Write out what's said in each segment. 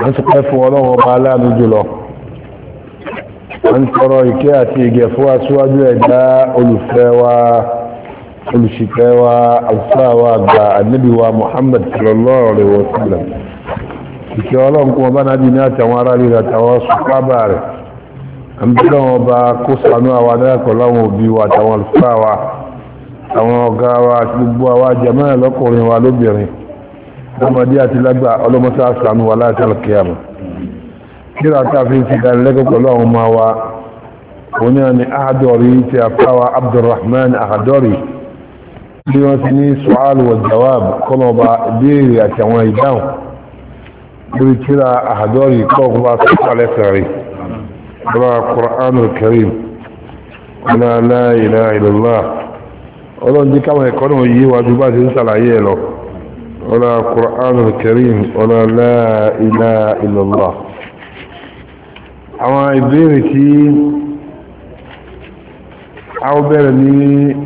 wọ́n ti pẹ́ fún ọlọ́wọ́ ọba aláàánú jùlọ wọ́n tọrọ ìkẹ́ àti ìgẹ̀ fún aṣíwájú ẹ̀dá olùfẹ́ wa olùṣìkẹ́ wa àlùfáà wa àgbà ànábì wa Muhammad sallallahu alaihi wa sallam ìkẹ́ ọlọ́run kún ọba nábì ní àtàwọn ará ọmọdé àti lágbà ọlọ́mọsá sànú wa láti alkiyama kíra ta fi ti dá lẹ́kọ̀ọ́ pẹ̀lú àwọn ọmọ wa òun náà ni ahadori ti àfáwa abdulrahman ahadori bí wọ́n ti ní sọ́àlù wa jawab kọlọba ìbéèrè àti àwọn ìdáhùn lórí kíra ahadori kọ́ọ̀kọ́ba sọ́kàlẹ̀ sẹ̀rẹ̀ bọ́lá kùránù karim la ilaha illallah káwọn ẹ̀kọ́ náà yí wájú bá ti ń sàlàyé ẹ̀ lọ ولا القرآن الكريم ولا لا إله إلا الله أما إبنك أو بلني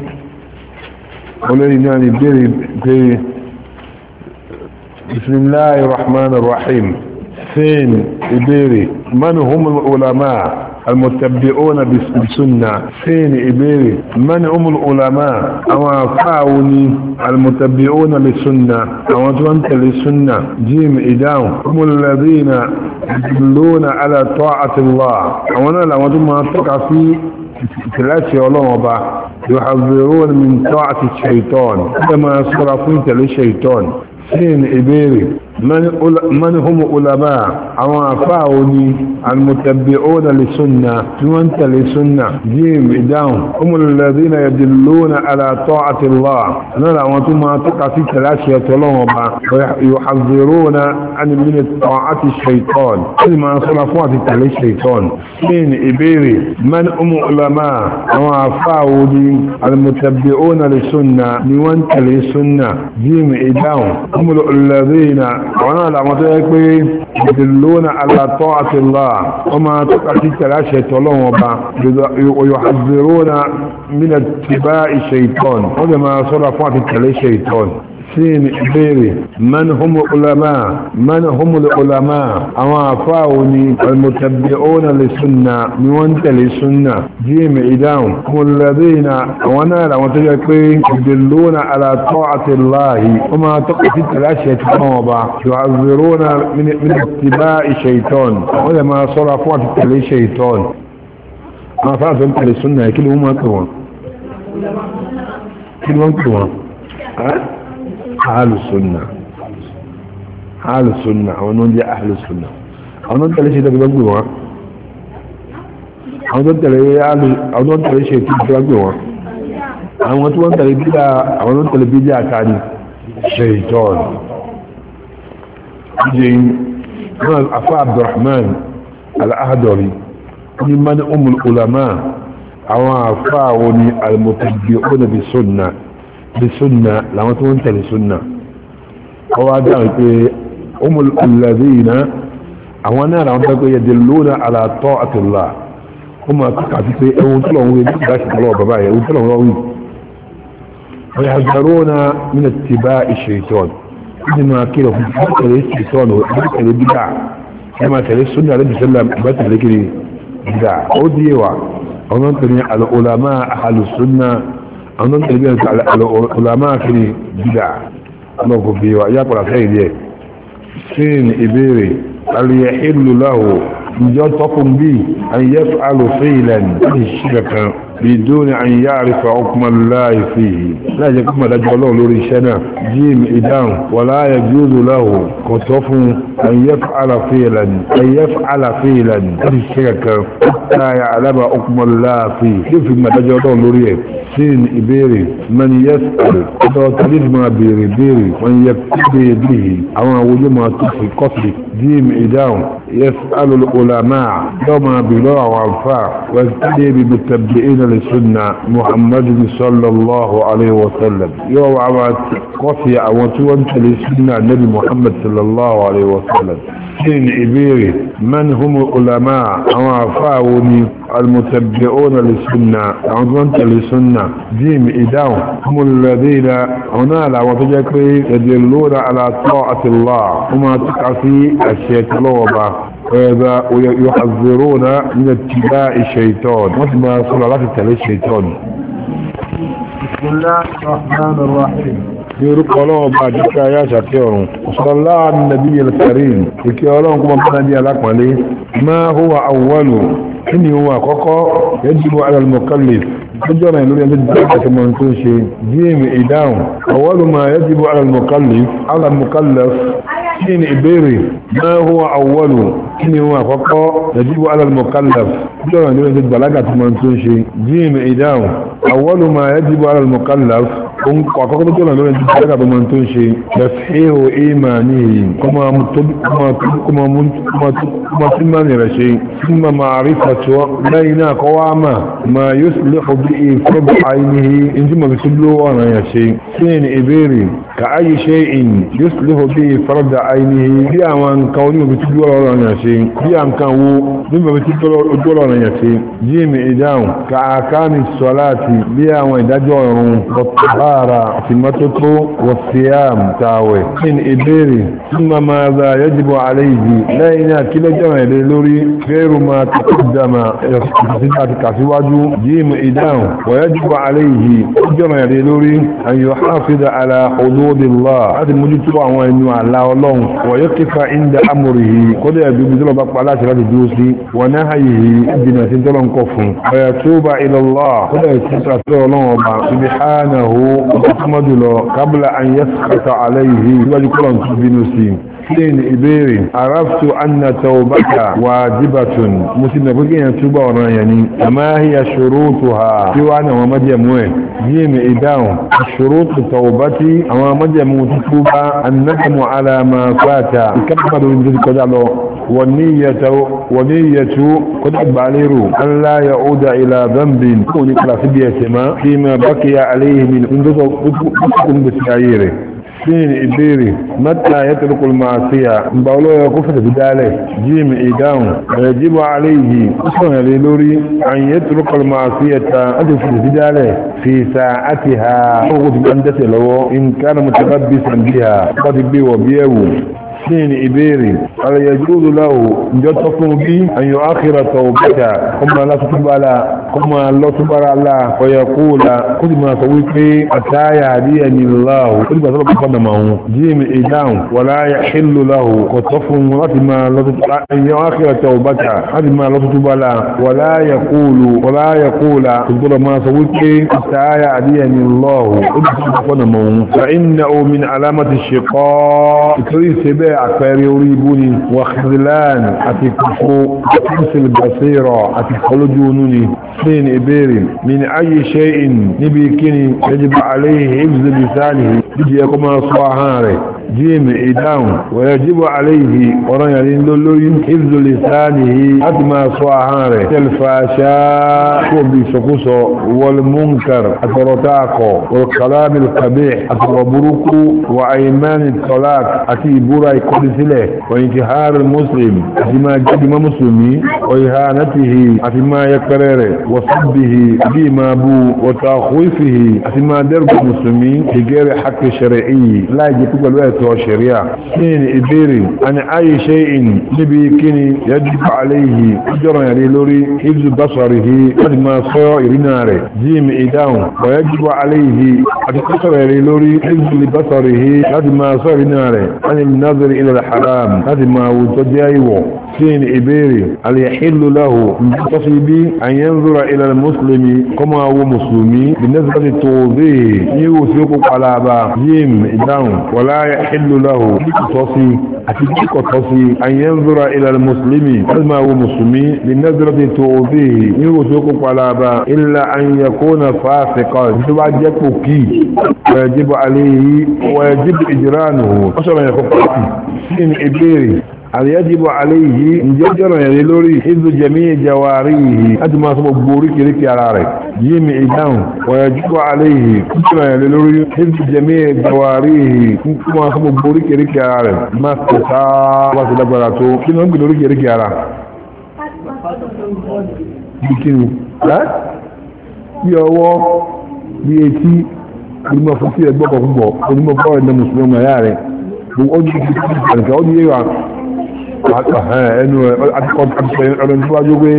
ولينا إبنك يعني بسم الله الرحمن الرحيم فين إبنك من هم العلماء المتبعون بالسنة سين إبيري من أم العلماء أو فاوني المتبعون بالسنة أو أنت للسنة جيم إداو هم الذين يدلون على طاعة الله أو أنا لما أتوقع في ثلاثة علماء يحذرون من طاعة الشيطان كما يصرفون للشيطان سين إبيري من هم علماء او عفاوني المتبعون للسنة وانت لسنة جيم إداهم هم الذين يدلون على طاعة الله نرى وانتم تقع في ثلاثة طلوبة ويحذرون عن من طاعة الشيطان كلمة صرفات تلي الشيطان من إبيري من هم علماء او عفاوني المتبعون للسنة وانت لسنة جيم إداهم هم الذين àwọn náà làwọn tó yẹ pé ìdìlónà alàtọ́ àti ńlá wọ́n máa tọ́ka sí tẹ̀lé àṣẹ tọ́lọ́wọ́n ọba òyò àdìrónà mílẹ̀ tìbá ìṣe ìtọ́n wọ́n sì máa sọ́ra fún àti tẹ̀lé ìṣe ìtọ́n سيني بيري من هم العلماء من هم العلماء اما فاوني المتبعون للسنة نوانت للسنة جيم ايدام هم الذين وانا لما يدلون على طاعة الله وما تقف الاشياء تقوم يعذرون من, من اتباع الشيطان ولما صرفوا تتلي الشيطان ما فاتوا انت للسنة كلهم اكبر كلهم اكبر ها alùsùnà alùsùnà àwọn oúnjẹ alùsùnà àwọn tó tẹ̀lé ṣe tẹ́gbẹ́gbẹ́ wọn àwọn tó tẹ̀lé ṣe tẹ́gbẹ́gbẹ́ wọn àwọn tó wọ́n tẹ̀lé bídá àwọn tó tẹ̀lé bídá àtàrí ṣe ìtọ́ọ̀n jíjẹ wọn afá abdulrahman al'adọ́rí ní mani umul ulama àwọn afá wọn ni almutabi onabi sunna بسنة لما تنت بسنة هو جاءت أم الذين أولا لما تقول يدلون على طاعة الله هم تقاتلوا ونطلعوا ونطلعوا ونطلعوا ببعي ونطلعوا ونطلعوا ويحذرون من اتباع الشيطان إذن ما كيلا في حركة الشيطان وحركة البدع كما تقول السنة عليه السلام باتل لكي بدع أوديوا ونطلع على علماء أهل السنة àwọn tó ń tẹ̀lé ọ̀làmá kiri bídà ọlọ́kọ̀ bí wa yá pàdà sẹ́yìn díẹ̀ sí ìbéèrè àríyẹ ìlú láwò ìjọ tọkùn bí àyẹ́fà alòfin ilẹ̀ ní بدون أن يعرف حكم الله فيه لا يكون لجو الله لرشنا جيم إدام ولا يجوز له كتف أن يفعل فعلا أن يفعل فعلا الشركة حتى يعلم حكم الله فيه كيف ما لجو الله لريه سين إبيري من يسأل إذا تريد ما بيري بيري من يقتدي به أو وجه ما تخفي قتل جيم إدام يسأل العلماء يوم بلوع وعفاء ويقتدي بالمتبعين للسنة محمد صلى الله عليه وسلم يوم عمد قصي عمد وانت للسنة نبي محمد صلى الله عليه وسلم سين إبيري من هم العلماء أما فاوني المتبعون للسنة وانت للسنة ديم إداو هم الذين هنا لعوات جاكري يدلون على طاعة الله وما تقع في الشيطان ويحذرون من اتباع الشيطان وما صلى الله عليه وسلم الشيطان بسم الله الرحمن الرحيم يرقى الله بعد يا شكيرون وصلى الله على النبي الكريم وكي الله كما كان نبي لك ما هو أول إني هو قوقع يجب على المكلف فجرا يقول يجب ذلك كما نتوشي جيم إداو أول ما يجب على المكلف على المكلف حين إبيري ما هو أول إن هو فقط يجب على المكلف جرى لوجد بلغة من تنشي جيم إداو أول ما يجب على المكلف وقد جرى لوجد بلغة من تنشي تفحيه إيمانه كما مطب كما كما كما كما ثمان رشي ثم معرفة بين قوامة ما يصلح به قرب عينه إن جمع بسلوه أنا يشي سين إبيري كأي شيء يصلح به فرد عينه بيعمل كونه بسلوه أنا يشي بيعمل كونه بسلوه أنا àwọn èèyàn ṣe jíìmì ìdáhùn kàákàmì sọláàtì bí àwọn ìdájọ́ ọ̀run bọ̀tàbára ìmọ́tótó wọ̀síàm tàwẹ̀ in ìbéèrè súnmọ́ máa za yẹ́jìbọ̀ àlẹ́yìí lẹ́yìn náà kí lẹ́jọ́ rẹ̀ lé lórí fẹ́rù máa tàkùdàmà kàṣíwájú jíìmì ìdáhùn wọ̀yẹ́jìbọ̀ àlẹ́yìí lẹ́jọ́ rẹ̀ lé lórí àyọ̀ hafidà àlà òdòdìlá láti mójútó àwọn ẹnu àlà ọlọ́run wọ̀yẹ́ kífà ìndà amòrìhì kọ́dẹ̀ jìnà sí tọ́lọ̀ ń kọ fún ọ̀yà tó bá ilọ̀lá kódà ìtúta tó ọlọ́run ọba ibi hánà hó ọba súnmọ́ jùlọ kábílà an yẹ kàtà alẹ́ yìí síwájú kọ́lọ̀ ń tún bínú sí sílẹ̀ ní ìbéèrè araftu anna taubata wajibatun mo ti nàgbé kéèyàn túbọ̀ ọ̀ràn yẹn ni àmáhìyà shurutuha tí wàá ní àwọn májẹ̀mú ẹ̀ díẹ̀ mi ìdáhùn shurutu taubati àwọn májẹ̀mú tuntun bá annakum ala fata ìkápẹ́ pàdé oúnjẹ kọjá lọ والنية ونية قد أبعليرو أن لا يعود إلى ذنب كون سبية ما فيما بقي عليه من انتظر بسعيره سين إبيري متى يترك المعصية مبالو يقف بداله جيم إيداو يجب عليه أصلا للوري أن يترك المعصية أدف بداله في ساعتها وقت بأندس لو إن كان متلبسا بها قد بي وبيو حين إبيري قال يجوز له يتصل به أن يؤخر توبته كما لا تتب على كما لا تبر على ويقول قد ما سويت لي أن الله قد ما سبب قدمه جيم إدام ولا يحل له قطفهم ما لا أن يؤخر توبته قد ما لا تتب على ولا يقول ولا يقول قد ما سويت لي أن الله قد ما سبب قدمه فإنه من علامة الشقاء تريد سبب أكاري وريبوني وخذلان أتي كفو أتحس البصيرة أتي خلجونوني سين إبيري من أي شيء نبيكني يجب عليه عبز لسانه يجي يكما صباحاري جيم إدام ويجب عليه قرن يلين لولوين حفظ لسانه أتما صعاره تلفاشا كوبي سكوسو والمنكر أترتاكو والكلام القبيح أتربروكو وأيمان الطلاق أتي براي قدسله وانتهار المسلم أتما جدما مسلمي وإهانته أتما يكرره وصبه بما بو وتخويفه أتما درب المسلمين بغير حق شرعي لا يجب تقول الشريعة والشريعة اثنين إبيري أن أي شيء لبيكني يجب عليه أجر يلوري حفظ بصره قد ما صير ناري زيم إداو ويجب عليه قد قصر يلوري حفظ لبصره قد ما صير ناري عن النظر إلى الحرام قد ما وجد يأيوه سين إبيري هل يحل له متصبي أن ينظر إلى المسلم كما هو مسلمي بالنسبة للتوضيح يوثق على با جيم إدام ولا يحل له متصي أتجيك تصي أن ينظر إلى المسلم كما هو مسلمي بالنسبة للتوضيح يوثق على با إلا أن يكون فاسقا تبعجك كي ويجب عليه ويجب إجرانه أشرا يكون فاسق سين إبيري la a i ib ala eihi ne a i eme he ejihar eihi na d m ahụbọ gbooi kee ke haa i ee ahụ e i bọ ala euhie e i e ha arị hi ụọ gbo arị a aa Eh, ẹnu ọ̀rọ̀ níwájú pé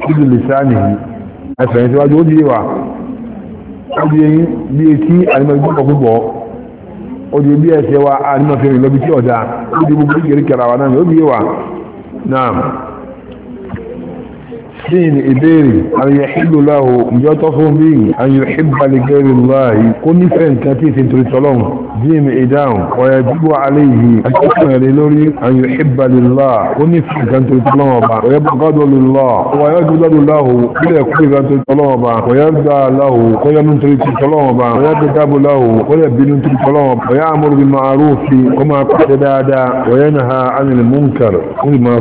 títí lè sáàni ẹ̀fẹ̀yìn síwájú ó díye wà ó díye bí etí ànímọ̀gbọ́n púpọ̀ ó díye bí ẹsẹ̀ wa ànímọ̀fẹ́rin lọ́bí tí ọ̀dá ó díye gbogbo ìgbèríkẹ̀rẹ̀ àwọn حين إداري أن يحب له يطفهم به أن يحب لغير الله كل فين كاتيس تريتولون ديم إدام ويجب عليه أن يكون للوري أن يحب لله كل فين كان تريتولون ويبقى لله ويجب له كل يكون كان تريتولون ويرضى له كل من تريتولون ويكتب له كل بن تريتولون ويأمر بالمعروف كما قد دادا وينهى عن المنكر كل ما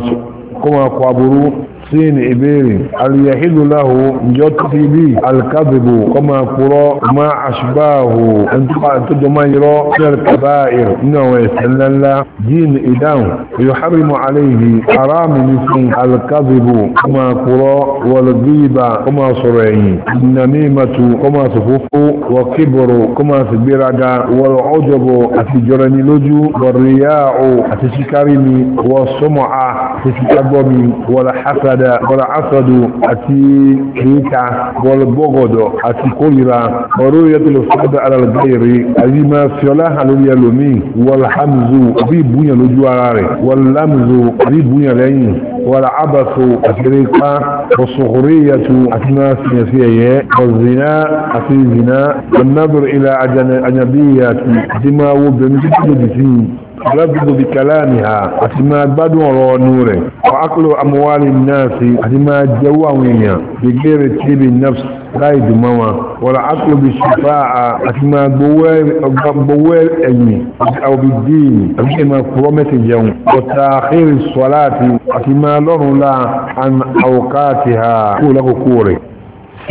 كما قابلوا سين إبيرين اليحيد له جوتك بي الكذب كما قراء ما أشباه أنت قلت جميرا سير كبائر إنه يسأل الله جين إدام يحرم عليه حرام نسي الكذب كما قراء والغيبة كما صرعي النميمة كما سفوف وكبر كما سبرد والعجب أتجرن لجو والرياء أتشكرني والصمع أتشكرني والحسد ada wọ́n asadu àti kìíkà wọ́n bọ́gọ̀dọ̀ àti kolira oru yẹ tó lè ala alàlùbáyèrè àyè máa fiọ́lá hàn lórí ẹlòmíì wọ́n hamzu àbí bunya lójú ara wal lamzu àbí ìbúyàn lẹ́yìn wọ́n abaso àti rẹ́pá wọ́sọ̀kọ̀rẹ́yàtù àti máa sìyàn sí ẹ̀yẹ wọ́zìnà àti zìnà wọ́n nábìrì ilà àjànàbíyàtù àti máa wo bẹ̀rù títí alábìbò bí kàláàmì ha àti máa gbádùn ọ̀rọ̀ ọnu rẹ̀ wà ákùlò amúwálì náà sí àti máa jẹ́wọ́ àwọn èèyàn gbẹgbẹ́rẹ̀ tí bí nafs láì dùnmọ́ wọn wọ́n ákùlò bí ṣùfà àti máa gbowó ẹ̀yìn àwọ̀bí díìnì àti kí máa kúrọ́ mẹ́sẹ̀ jẹun ọ̀tà àkírí sọ́láàtì àti máa lọ́rùn láà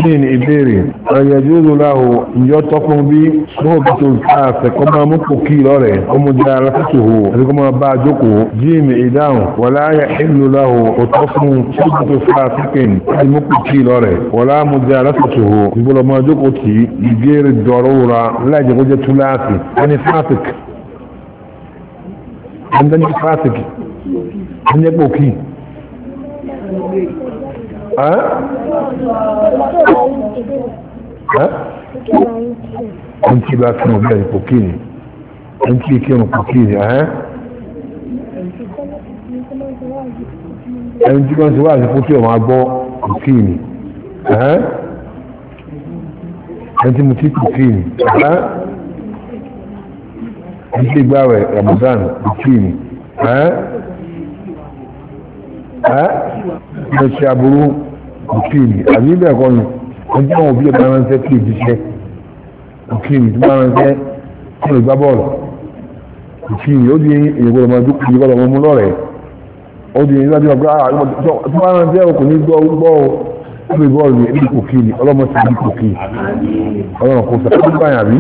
ní ní ìbéèrè ọ̀yẹ̀dúró láhù ìyọ́ tọ́kùn bí mọ́ọ̀bùtò káàfẹ́ kọ́ máa mú pòkí lọ́rẹ̀ ọmọdé alásìtòhò àríkọ́ máa bá jókòó jíìmì ìdáhùn wọlá ìlú láhù ọ̀tọ́ fún mọ́ọ̀bùtò káàfẹ́kìn láti mú pòkí lọ́rẹ̀ wọlá ọmọdé alásìtòhò ìgbọ́lọ́ máa jókòó tí ìbéèrè dọ̀rọ̀wura láìjẹ́kọ́jẹ́ túláàsì ẹni fásik ẹni fásik ẹni pòkí ẹn tí bá kírun bí ẹ̀yìn kòkí ni ẹn tí kírun kòkí ni ẹn ẹn tí wọ́n ti wá àti kókí ọmọ agbọ́ kòkí ni ẹn ẹn tí mo ti kòkí ni ẹn ẹn tí gbàwẹ̀ ọjọ́ àwọn òbí ẹ̀ máa ń fẹ́ kí ìjíṣẹ́ òkìrì tó máa ń fẹ́ kí ìgbá bọ́ọ̀lù òkìrì ó di èyàn gbọ́dọ̀ máa dúkú ìgbà lọ́mọ mú lọ́rẹ̀ẹ́ ó di èyàn gbọ́dọ̀ gbọ́ àwọn tó máa ń fẹ́ òkú ní gbọ́ gbọ́ ó lè bọ́ọ̀lù ní òkìrì ọlọ́mọ sí ìdí òkìrì ọlọ́mọ kò sàkóso báyà bí